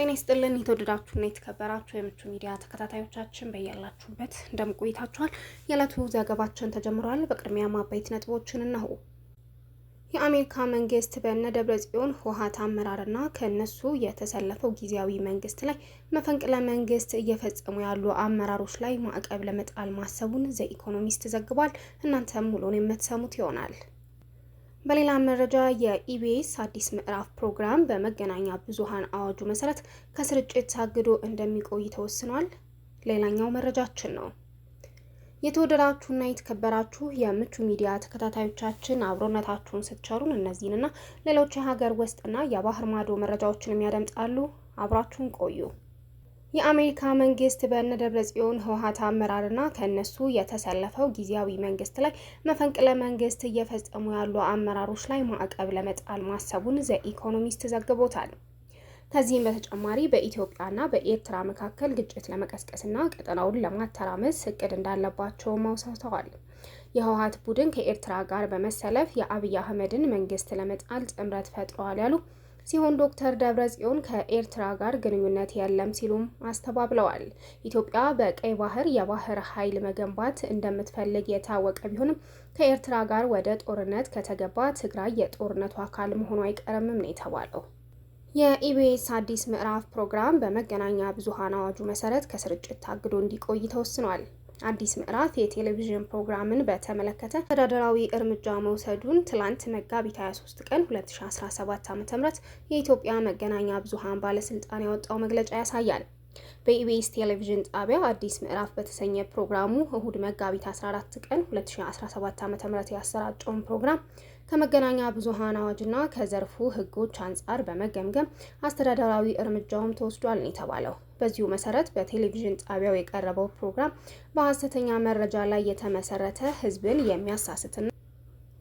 ጤና ይስጥልን የተወደዳችሁና የተከበራችሁ የምቹ ሚዲያ ተከታታዮቻችን በያላችሁበት እንደምቆይታችኋል። የዕለቱ ዘገባችን ተጀምሯል። በቅድሚያ ማባይት ነጥቦችን እነሆ። የአሜሪካ መንግስት በእነ ደብረ ጽዮን ህወሓት አመራርና ከእነሱ የተሰለፈው ጊዜያዊ መንግስት ላይ መፈንቅለ መንግስት እየፈጸሙ ያሉ አመራሮች ላይ ማዕቀብ ለመጣል ማሰቡን ዘኢኮኖሚስት ዘግቧል። እናንተም ሙሉውን የምትሰሙት ይሆናል። በሌላ መረጃ የኢቢኤስ አዲስ ምዕራፍ ፕሮግራም በመገናኛ ብዙሃን አዋጁ መሰረት ከስርጭት ታግዶ እንደሚቆይ ተወስኗል። ሌላኛው መረጃችን ነው። የተወደዳችሁና የተከበራችሁ የምቹ ሚዲያ ተከታታዮቻችን አብሮነታችሁን ስትቸሩን እነዚህንና ሌሎች የሀገር ውስጥና የባህር ማዶ መረጃዎችን የሚያደምጣሉ። አብራችሁን ቆዩ። የአሜሪካ መንግስት በነ ጽዮን ህወሀት አመራርና ከእነሱ የተሰለፈው ጊዜያዊ መንግስት ላይ መፈንቅለ መንግስት እየፈጸሙ ያሉ አመራሮች ላይ ማዕቀብ ለመጣል ማሰቡን ዘኢኮኖሚስት ዘግቦታል። ከዚህም በተጨማሪ በኢትዮጵያና በኤርትራ መካከል ግጭት ለመቀስቀስና ቀጠናውን ለማተራመስ እቅድ እንዳለባቸው አውስተዋል። የህወሀት ቡድን ከኤርትራ ጋር በመሰለፍ የአብይ አህመድን መንግስት ለመጣል ጥምረት ፈጥረዋል ያሉ ሲሆን ዶክተር ደብረ ጽዮን ከኤርትራ ጋር ግንኙነት የለም ሲሉም አስተባብለዋል። ኢትዮጵያ በቀይ ባህር የባህር ኃይል መገንባት እንደምትፈልግ የታወቀ ቢሆንም ከኤርትራ ጋር ወደ ጦርነት ከተገባ ትግራይ የጦርነቱ አካል መሆኑ አይቀርምም ነው የተባለው። የኢቢኤስ አዲስ ምዕራፍ ፕሮግራም በመገናኛ ብዙሃን አዋጁ መሰረት ከስርጭት ታግዶ እንዲቆይ ተወስኗል። አዲስ ምዕራፍ የቴሌቪዥን ፕሮግራምን በተመለከተ ተዳደራዊ እርምጃ መውሰዱን ትላንት መጋቢት 23 ቀን 2017 ዓ.ም የኢትዮጵያ መገናኛ ብዙሃን ባለስልጣን ያወጣው መግለጫ ያሳያል። በኢቢኤስ ቴሌቪዥን ጣቢያ አዲስ ምዕራፍ በተሰኘ ፕሮግራሙ እሁድ መጋቢት 14 ቀን 2017 ዓ ም ያሰራጨውን ፕሮግራም ከመገናኛ ብዙሃን አዋጅና ከዘርፉ ህጎች አንጻር በመገምገም አስተዳደራዊ እርምጃውም ተወስዷል ነው የተባለው። በዚሁ መሰረት በቴሌቪዥን ጣቢያው የቀረበው ፕሮግራም በሀሰተኛ መረጃ ላይ የተመሰረተ ህዝብን የሚያሳስትና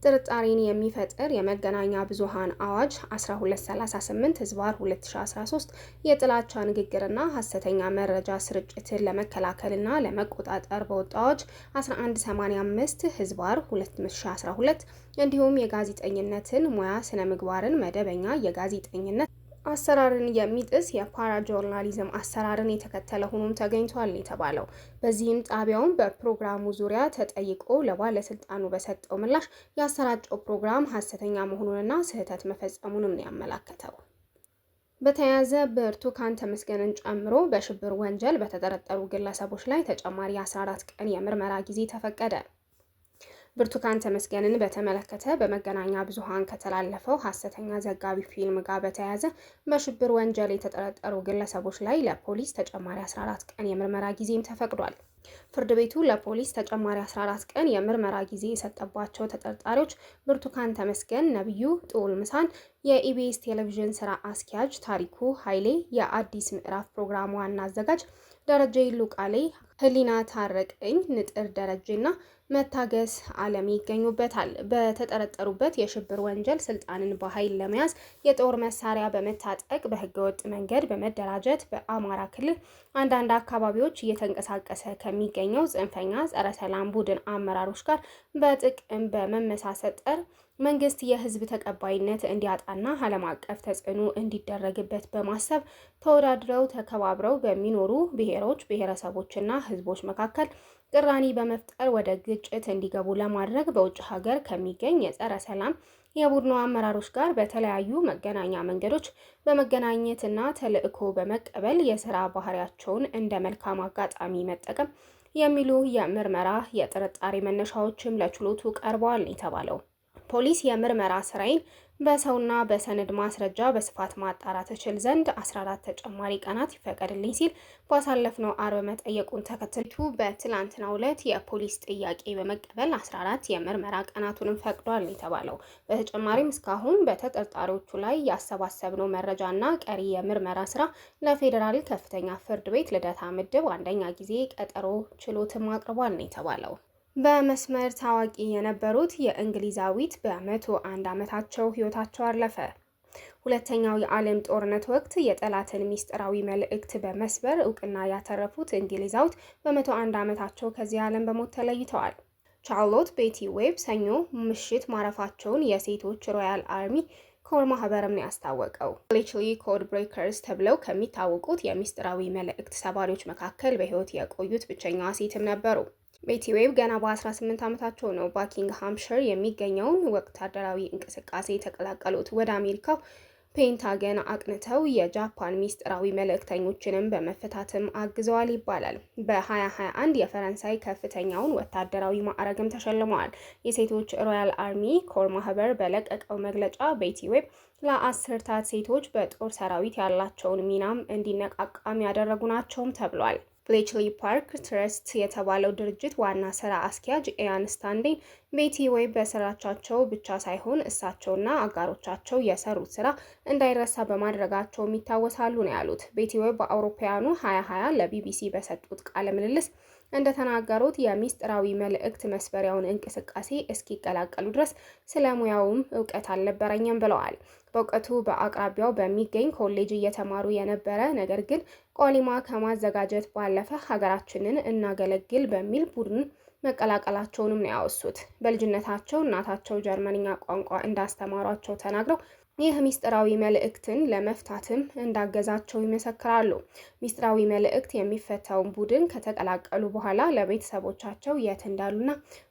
ጥርጣሬን የሚፈጥር የመገናኛ ብዙሃን አዋጅ 1238 ህዝባር 2013 የጥላቻ ንግግርና ሀሰተኛ መረጃ ስርጭትን ለመከላከልና ለመቆጣጠር በወጣ አዋጅ 1185 ህዝባር 2012 እንዲሁም የጋዜጠኝነትን ሙያ ስነ ምግባርን መደበኛ የጋዜጠኝነት አሰራርን የሚጥስ የፓራ ጆርናሊዝም አሰራርን የተከተለ ሆኖም ተገኝቷል የተባለው። በዚህም ጣቢያውን በፕሮግራሙ ዙሪያ ተጠይቆ ለባለስልጣኑ በሰጠው ምላሽ ያሰራጨው ፕሮግራም ሀሰተኛ መሆኑንና ስህተት መፈጸሙንም ነው ያመላከተው። በተያያዘ ብርቱካን ተመስገንን ጨምሮ በሽብር ወንጀል በተጠረጠሩ ግለሰቦች ላይ ተጨማሪ 14 ቀን የምርመራ ጊዜ ተፈቀደ። ብርቱካን ተመስገንን በተመለከተ በመገናኛ ብዙሃን ከተላለፈው ሀሰተኛ ዘጋቢ ፊልም ጋር በተያያዘ በሽብር ወንጀል የተጠረጠሩ ግለሰቦች ላይ ለፖሊስ ተጨማሪ 14 ቀን የምርመራ ጊዜም ተፈቅዷል። ፍርድ ቤቱ ለፖሊስ ተጨማሪ 14 ቀን የምርመራ ጊዜ የሰጠባቸው ተጠርጣሪዎች ብርቱካን ተመስገን፣ ነቢዩ ጥዑል ምሳን፣ የኢቢኤስ ቴሌቪዥን ስራ አስኪያጅ ታሪኩ ኃይሌ፣ የአዲስ ምዕራፍ ፕሮግራም ዋና አዘጋጅ ደረጀ ይሉቃሌ፣ ህሊና ታረቀኝ፣ ንጥር ደረጀና መታገስ አለም ይገኙበታል። በተጠረጠሩበት የሽብር ወንጀል ስልጣንን በኃይል ለመያዝ የጦር መሳሪያ በመታጠቅ በህገወጥ መንገድ በመደራጀት በአማራ ክልል አንዳንድ አካባቢዎች እየተንቀሳቀሰ ከሚገኘው ጽንፈኛ ጸረ ሰላም ቡድን አመራሮች ጋር በጥቅም በመመሳሰጠር መንግስት የህዝብ ተቀባይነት እንዲያጣና ዓለም አቀፍ ተጽዕኖ እንዲደረግበት በማሰብ ተወዳድረው ተከባብረው በሚኖሩ ብሔሮች፣ ብሔረሰቦችና ህዝቦች መካከል ቅራኔ በመፍጠር ወደ ግጭት እንዲገቡ ለማድረግ በውጭ ሀገር ከሚገኝ የጸረ ሰላም የቡድኑ አመራሮች ጋር በተለያዩ መገናኛ መንገዶች በመገናኘትና ተልዕኮ በመቀበል የስራ ባህሪያቸውን እንደ መልካም አጋጣሚ መጠቀም የሚሉ የምርመራ የጥርጣሬ መነሻዎችም ለችሎቱ ቀርበዋል የተባለው ፖሊስ የምርመራ ስራዬን በሰውና በሰነድ ማስረጃ በስፋት ማጣራት እችል ዘንድ 14 ተጨማሪ ቀናት ይፈቀድልኝ ሲል ባሳለፍነው አርብ መጠየቁን ተከትልቱ በትላንትናው ዕለት የፖሊስ ጥያቄ በመቀበል 14 የምርመራ ቀናቱንም ፈቅዷል የተባለው። በተጨማሪም እስካሁን በተጠርጣሪዎቹ ላይ ያሰባሰብነው መረጃና ቀሪ የምርመራ ስራ ለፌዴራል ከፍተኛ ፍርድ ቤት ልደታ ምድብ አንደኛ ጊዜ ቀጠሮ ችሎትም አቅርቧል ነው የተባለው። በመስመር ታዋቂ የነበሩት የእንግሊዛዊት በመቶ አንድ ዓመታቸው ሕይወታቸው አለፈ። ሁለተኛው የዓለም ጦርነት ወቅት የጠላትን ሚስጥራዊ መልእክት በመስበር እውቅና ያተረፉት እንግሊዛዊት በመቶ አንድ ዓመታቸው ከዚህ ዓለም በሞት ተለይተዋል። ቻርሎት ቤቲ ዌብ ሰኞ ምሽት ማረፋቸውን የሴቶች ሮያል አርሚ ኮር ማህበርም ነው ያስታወቀው። ሊችሊ ኮድ ብሬከርስ ተብለው ከሚታወቁት የሚስጥራዊ መልእክት ሰባሪዎች መካከል በህይወት የቆዩት ብቸኛዋ ሴትም ነበሩ። ቤቲ ዌብ ገና በ18 ዓመታቸው ነው ሃምሽር የሚገኘውን ወታደራዊ እንቅስቃሴ የተቀላቀሉት። ወደ አሜሪካው ፔንታገን አቅንተው የጃፓን ሚስጥራዊ መልእክተኞችንም በመፈታትም አግዘዋል ይባላል። በ2021 የፈረንሳይ ከፍተኛውን ወታደራዊ ማዕረግም ተሸልመዋል። የሴቶች ሮያል አርሚ ኮር ማህበር በለቀቀው መግለጫ ቤቲ ዌብ ለአስርታት ሴቶች በጦር ሰራዊት ያላቸውን ሚናም እንዲነቃቃም ያደረጉ ናቸውም ተብሏል። ብሌችሊ ፓርክ ትረስት የተባለው ድርጅት ዋና ስራ አስኪያጅ ኤያን ስታንዲንግ ቤቲ ዌይ በስራቻቸው ብቻ ሳይሆን እሳቸውና አጋሮቻቸው የሰሩት ስራ እንዳይረሳ በማድረጋቸውም ይታወሳሉ ነው ያሉት። ቤቲ ዌይ በአውሮፓውያኑ 2020 ለቢቢሲ በሰጡት ቃለ ምልልስ እንደተናገሩት የሚስጥራዊ መልእክት መስበሪያውን እንቅስቃሴ እስኪቀላቀሉ ድረስ ስለ ሙያውም እውቀት አልነበረኝም ብለዋል። በእውቀቱ በአቅራቢያው በሚገኝ ኮሌጅ እየተማሩ የነበረ ነገር ግን ቆሊማ ከማዘጋጀት ባለፈ ሀገራችንን እናገለግል በሚል ቡድን መቀላቀላቸውንም ነው ያወሱት። በልጅነታቸው እናታቸው ጀርመንኛ ቋንቋ እንዳስተማሯቸው ተናግረው ይህ ሚስጥራዊ መልእክትን ለመፍታትም እንዳገዛቸው ይመሰክራሉ። ሚስጥራዊ መልእክት የሚፈታውን ቡድን ከተቀላቀሉ በኋላ ለቤተሰቦቻቸው የት እንዳሉና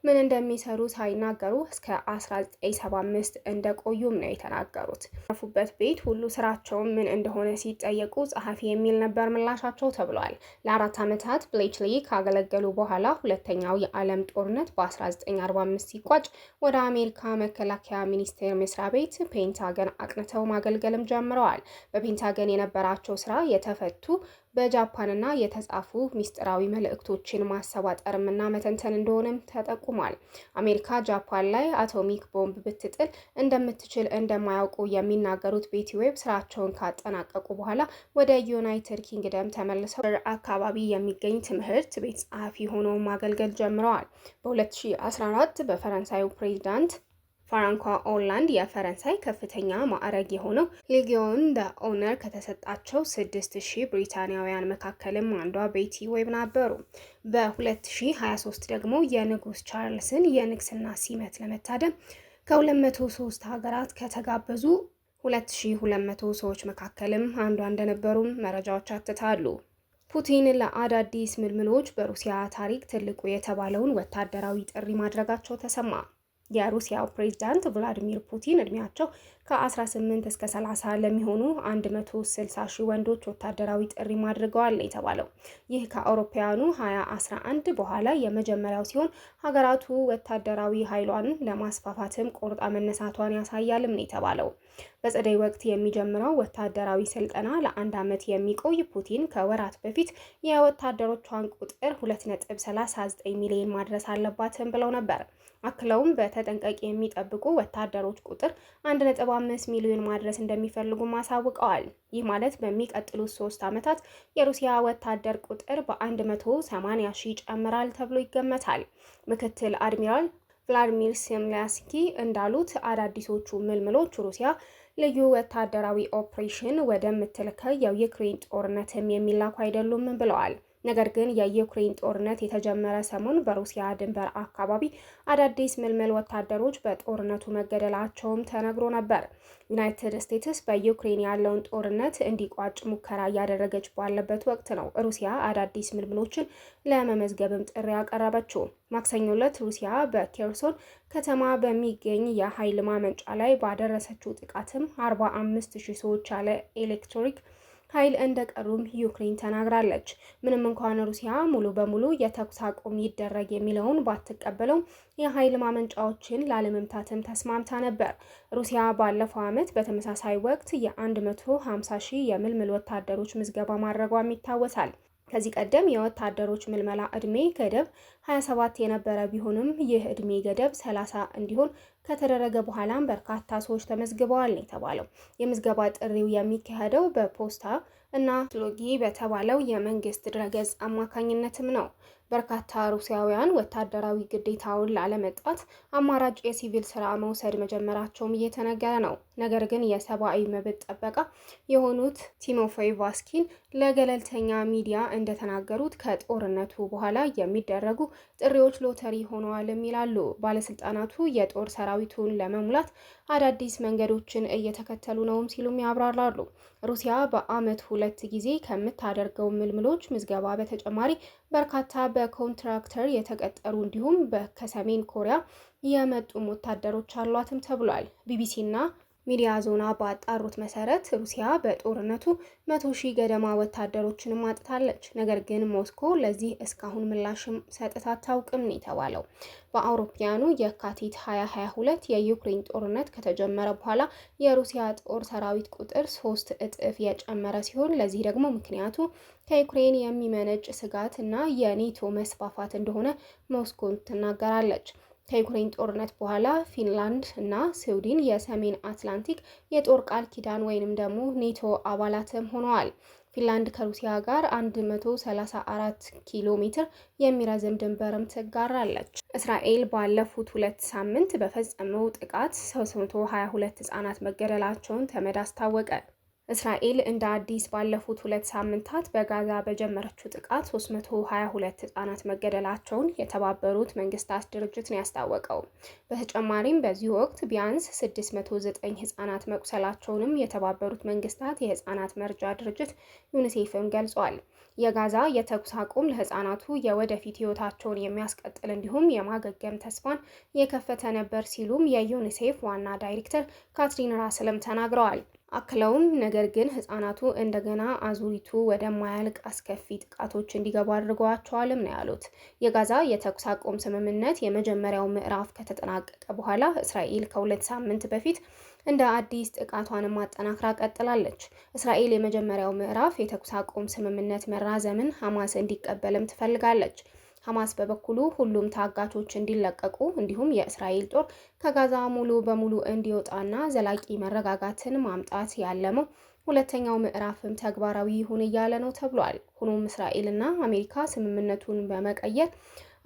ምን እንደሚሰሩ ሳይናገሩ እስከ 1975 እንደቆዩም ነው የተናገሩት። ያረፉበት ቤት ሁሉ ስራቸውን ምን እንደሆነ ሲጠየቁ ጸሐፊ የሚል ነበር ምላሻቸው ተብሏል። ለአራት ዓመታት ብሌችሊ ካገለገሉ በኋላ ሁለተኛው የዓለም ጦርነት በ1945 ሲቋጭ ወደ አሜሪካ መከላከያ ሚኒስቴር መስሪያ ቤት ፔንታገን አቅንተው ማገልገልም ጀምረዋል። በፔንታገን የነበራቸው ስራ የተፈቱ በጃፓንና የተጻፉ ሚስጥራዊ መልእክቶችን ማሰባጠርምና መተንተን እንደሆነም ተጠቁሟል። አሜሪካ ጃፓን ላይ አቶሚክ ቦምብ ብትጥል እንደምትችል እንደማያውቁ የሚናገሩት ቤቲ ዌብ ስራቸውን ካጠናቀቁ በኋላ ወደ ዩናይትድ ኪንግደም ተመልሰው አካባቢ የሚገኝ ትምህርት ቤት ጸሐፊ ሆኖ ማገልገል ጀምረዋል። በ2014 በፈረንሳዩ ፕሬዚዳንት ፍራንኳ ኦላንድ የፈረንሳይ ከፍተኛ ማዕረግ የሆነው ሌጊዮን ደ ኦነር ከተሰጣቸው ስድስት ሺህ ብሪታንያውያን መካከልም አንዷ ቤቲ ዌብ ነበሩ። በ2023 ደግሞ የንጉስ ቻርልስን የንግስና ሲመት ለመታደም ከ203 ሀገራት ከተጋበዙ 2200 ሰዎች መካከልም አንዷ እንደነበሩም መረጃዎች አትታሉ። ፑቲን ለአዳዲስ ምልምሎች በሩሲያ ታሪክ ትልቁ የተባለውን ወታደራዊ ጥሪ ማድረጋቸው ተሰማ። የሩሲያው ፕሬዚዳንት ቭላዲሚር ፑቲን እድሜያቸው ከ18 እስከ 30 ለሚሆኑ 160 ሺህ ወንዶች ወታደራዊ ጥሪ ማድርገዋል የተባለው ይህ ከአውሮፓውያኑ 2011 በኋላ የመጀመሪያው ሲሆን ሀገራቱ ወታደራዊ ኃይሏን ለማስፋፋትም ቆርጣ መነሳቷን ያሳያልም ነው የተባለው። በጸደይ ወቅት የሚጀምረው ወታደራዊ ስልጠና ለአንድ ዓመት የሚቆይ ፑቲን ከወራት በፊት የወታደሮቿን ቁጥር 2.39 ሚሊዮን ማድረስ አለባትም ብለው ነበር። አክለውም በተጠንቀቅ የሚጠብቁ ወታደሮች ቁጥር 1 አምስት ሚሊዮን ማድረስ እንደሚፈልጉም አሳውቀዋል። ይህ ማለት በሚቀጥሉት ሶስት ዓመታት የሩሲያ ወታደር ቁጥር በ180 ሺህ ይጨምራል ተብሎ ይገመታል። ምክትል አድሚራል ቭላድሚር ሴምሊያስኪ እንዳሉት አዳዲሶቹ ምልምሎች ሩሲያ ልዩ ወታደራዊ ኦፕሬሽን ወደምትልከው የዩክሬን ጦርነትም የሚላኩ አይደሉም ብለዋል። ነገር ግን የዩክሬን ጦርነት የተጀመረ ሰሞን በሩሲያ ድንበር አካባቢ አዳዲስ ምልምል ወታደሮች በጦርነቱ መገደላቸውም ተነግሮ ነበር። ዩናይትድ ስቴትስ በዩክሬን ያለውን ጦርነት እንዲቋጭ ሙከራ እያደረገች ባለበት ወቅት ነው ሩሲያ አዳዲስ ምልምሎችን ለመመዝገብም ጥሪ ያቀረበችው። ማክሰኞ ዕለት ሩሲያ በኬርሶን ከተማ በሚገኝ የኃይል ማመንጫ ላይ ባደረሰችው ጥቃትም 45 ሺህ ሰዎች ያለ ኤሌክትሪክ ኃይል እንደቀሩም ዩክሬን ተናግራለች። ምንም እንኳን ሩሲያ ሙሉ በሙሉ የተኩስ አቁም ይደረግ የሚለውን ባትቀበለው የኃይል ማመንጫዎችን ላለመምታትም ተስማምታ ነበር። ሩሲያ ባለፈው ዓመት በተመሳሳይ ወቅት የ150 ሺህ የምልምል ወታደሮች ምዝገባ ማድረጓም ይታወሳል። ከዚህ ቀደም የወታደሮች ምልመላ እድሜ ገደብ 27 የነበረ ቢሆንም ይህ እድሜ ገደብ 30 እንዲሆን ከተደረገ በኋላም በርካታ ሰዎች ተመዝግበዋል ነው የተባለው። የምዝገባ ጥሪው የሚካሄደው በፖስታ እና ሎጊ በተባለው የመንግስት ድረገጽ አማካኝነትም ነው። በርካታ ሩሲያውያን ወታደራዊ ግዴታውን ላለመጣት አማራጭ የሲቪል ስራ መውሰድ መጀመራቸውም እየተነገረ ነው። ነገር ግን የሰብአዊ መብት ጠበቃ የሆኑት ቲሞፌይ ቫስኪን ለገለልተኛ ሚዲያ እንደተናገሩት ከጦርነቱ በኋላ የሚደረጉ ጥሪዎች ሎተሪ ሆነዋልም ይላሉ። ባለስልጣናቱ የጦር ሰራዊቱን ለመሙላት አዳዲስ መንገዶችን እየተከተሉ ነውም ሲሉም ያብራራሉ። ሩሲያ በዓመት ሁለት ጊዜ ከምታደርገው ምልምሎች ምዝገባ በተጨማሪ በርካታ በኮንትራክተር የተቀጠሩ እንዲሁም ከሰሜን ኮሪያ የመጡም ወታደሮች አሏትም ተብሏል። ቢቢሲና ሚዲያ ዞና ባጣሩት መሰረት ሩሲያ በጦርነቱ መቶ ሺህ ገደማ ወታደሮችንም አጥታለች። ነገር ግን ሞስኮ ለዚህ እስካሁን ምላሽም ሰጥታ አታውቅም ነው የተባለው። በአውሮፓውያኑ የካቲት 2022 የዩክሬን ጦርነት ከተጀመረ በኋላ የሩሲያ ጦር ሰራዊት ቁጥር ሶስት እጥፍ የጨመረ ሲሆን ለዚህ ደግሞ ምክንያቱ ከዩክሬን የሚመነጭ ስጋት እና የኔቶ መስፋፋት እንደሆነ ሞስኮ ትናገራለች። ከዩክሬን ጦርነት በኋላ ፊንላንድ እና ስዊድን የሰሜን አትላንቲክ የጦር ቃል ኪዳን ወይንም ደግሞ ኔቶ አባላትም ሆነዋል። ፊንላንድ ከሩሲያ ጋር 134 ኪሎ ሜትር የሚረዝም ድንበርም ትጋራለች። እስራኤል ባለፉት ሁለት ሳምንት በፈጸመው ጥቃት 322 ህጻናት መገደላቸውን ተመድ አስታወቀ። እስራኤል እንደ አዲስ ባለፉት ሁለት ሳምንታት በጋዛ በጀመረችው ጥቃት 322 ህጻናት መገደላቸውን የተባበሩት መንግስታት ድርጅት ነው ያስታወቀው። በተጨማሪም በዚህ ወቅት ቢያንስ 609 ህጻናት መቁሰላቸውንም የተባበሩት መንግስታት የህጻናት መርጃ ድርጅት ዩኒሴፍም ገልጿል። የጋዛ የተኩስ አቁም ለህጻናቱ የወደፊት ህይወታቸውን የሚያስቀጥል እንዲሁም የማገገም ተስፋን የከፈተ ነበር ሲሉም የዩኒሴፍ ዋና ዳይሬክተር ካትሪን ራስለም ተናግረዋል። አክለውም ነገር ግን ህጻናቱ እንደገና አዙሪቱ ወደማያልቅ አስከፊ ጥቃቶች እንዲገቡ አድርገዋቸዋልም ነው ያሉት። የጋዛ የተኩስ አቁም ስምምነት የመጀመሪያው ምዕራፍ ከተጠናቀቀ በኋላ እስራኤል ከሁለት ሳምንት በፊት እንደ አዲስ ጥቃቷን ማጠናክራ ቀጥላለች። እስራኤል የመጀመሪያው ምዕራፍ የተኩስ አቁም ስምምነት መራዘምን ሐማስ እንዲቀበልም ትፈልጋለች። ሐማስ በበኩሉ ሁሉም ታጋቾች እንዲለቀቁ እንዲሁም የእስራኤል ጦር ከጋዛ ሙሉ በሙሉ እንዲወጣና ዘላቂ መረጋጋትን ማምጣት ያለመው ሁለተኛው ምዕራፍም ተግባራዊ ይሁን እያለ ነው ተብሏል። ሆኖም እስራኤልና አሜሪካ ስምምነቱን በመቀየር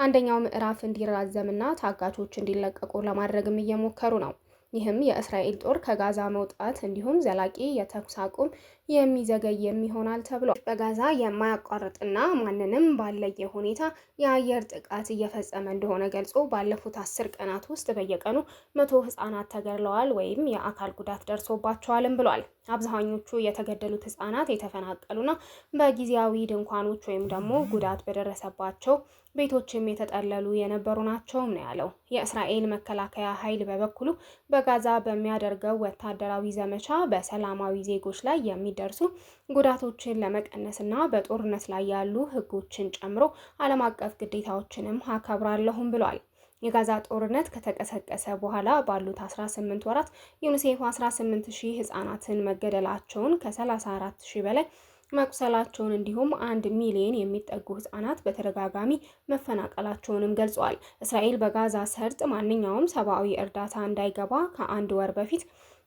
አንደኛው ምዕራፍ እንዲራዘምና ታጋቾች እንዲለቀቁ ለማድረግም እየሞከሩ ነው። ይህም የእስራኤል ጦር ከጋዛ መውጣት እንዲሁም ዘላቂ የተኩስ አቁም የሚዘገይ የሚሆናል ተብሏል። በጋዛ የማያቋርጥና ማንንም ባለየ ሁኔታ የአየር ጥቃት እየፈጸመ እንደሆነ ገልጾ ባለፉት አስር ቀናት ውስጥ በየቀኑ መቶ ህጻናት ተገድለዋል ወይም የአካል ጉዳት ደርሶባቸዋልም ብሏል። አብዛኞቹ የተገደሉት ህጻናት የተፈናቀሉና በጊዜያዊ ድንኳኖች ወይም ደግሞ ጉዳት በደረሰባቸው ቤቶችም የተጠለሉ የነበሩ ናቸውም ነው ያለው። የእስራኤል መከላከያ ኃይል በበኩሉ በጋዛ በሚያደርገው ወታደራዊ ዘመቻ በሰላማዊ ዜጎች ላይ የሚደ የሚደርሱ ጉዳቶችን ለመቀነስና በጦርነት ላይ ያሉ ህጎችን ጨምሮ ዓለም አቀፍ ግዴታዎችንም አከብራለሁም ብሏል። የጋዛ ጦርነት ከተቀሰቀሰ በኋላ ባሉት 18 ወራት ዩኒሴፍ 18 ሺህ ህጻናትን መገደላቸውን ከ34 ሺህ በላይ መቁሰላቸውን እንዲሁም አንድ ሚሊዮን የሚጠጉ ህጻናት በተደጋጋሚ መፈናቀላቸውንም ገልጿል። እስራኤል በጋዛ ሰርጥ ማንኛውም ሰብአዊ እርዳታ እንዳይገባ ከአንድ ወር በፊት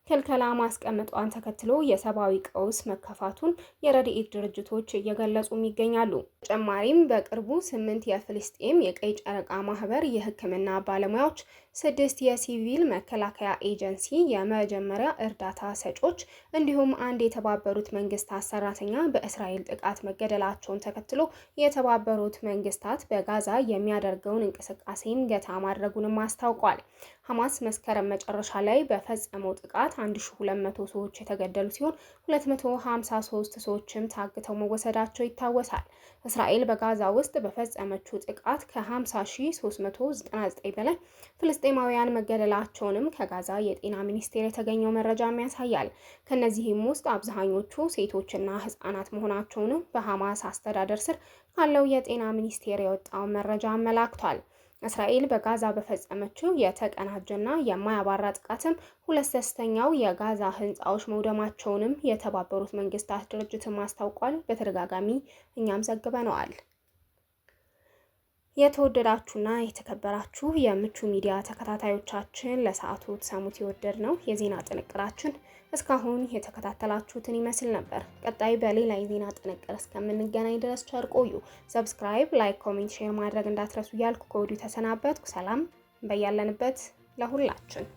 ክልከላ ማስቀመጧን ተከትሎ የሰብአዊ ቀውስ መከፋቱን የረድኤት ድርጅቶች እየገለጹም ይገኛሉ። ተጨማሪም በቅርቡ ስምንት የፍልስጤም የቀይ ጨረቃ ማህበር የሕክምና ባለሙያዎች ስድስት የሲቪል መከላከያ ኤጀንሲ የመጀመሪያ እርዳታ ሰጮች እንዲሁም አንድ የተባበሩት መንግስታት ሰራተኛ በእስራኤል ጥቃት መገደላቸውን ተከትሎ የተባበሩት መንግስታት በጋዛ የሚያደርገውን እንቅስቃሴን ገታ ማድረጉንም አስታውቋል። ሐማስ መስከረም መጨረሻ ላይ በፈጸመው ጥቃት 1200 ሰዎች የተገደሉ ሲሆን 253 ሰዎችም ታግተው መወሰዳቸው ይታወሳል። እስራኤል በጋዛ ውስጥ በፈጸመችው ጥቃት ከ50399 በላይ ፍልስጤማውያን መገደላቸውንም ከጋዛ የጤና ሚኒስቴር የተገኘው መረጃም ያሳያል። ከእነዚህም ውስጥ አብዛኞቹ ሴቶችና ህጻናት መሆናቸውንም በሐማስ አስተዳደር ስር ካለው የጤና ሚኒስቴር የወጣው መረጃ አመላክቷል። እስራኤል በጋዛ በፈጸመችው የተቀናጀና የማያባራ ጥቃትም ሁለት ሶስተኛው የጋዛ ህንፃዎች መውደማቸውንም የተባበሩት መንግስታት ድርጅትም አስታውቋል። በተደጋጋሚ እኛም ዘግበነዋል። የተወደዳችሁና የተከበራችሁ የምቹ ሚዲያ ተከታታዮቻችን ለሰዓቱ ትሰሙት የወደድ ነው የዜና ጥንቅራችን እስካሁን የተከታተላችሁትን ይመስል ነበር። ቀጣይ በሌላ የዜና ጥንቅር እስከምንገናኝ ድረስ ቸር ቆዩ። ሰብስክራይብ፣ ላይክ፣ ኮሜንት፣ ሼር ማድረግ እንዳትረሱ እያልኩ ከወዲሁ ተሰናበትኩ። ሰላም በያለንበት ለሁላችን።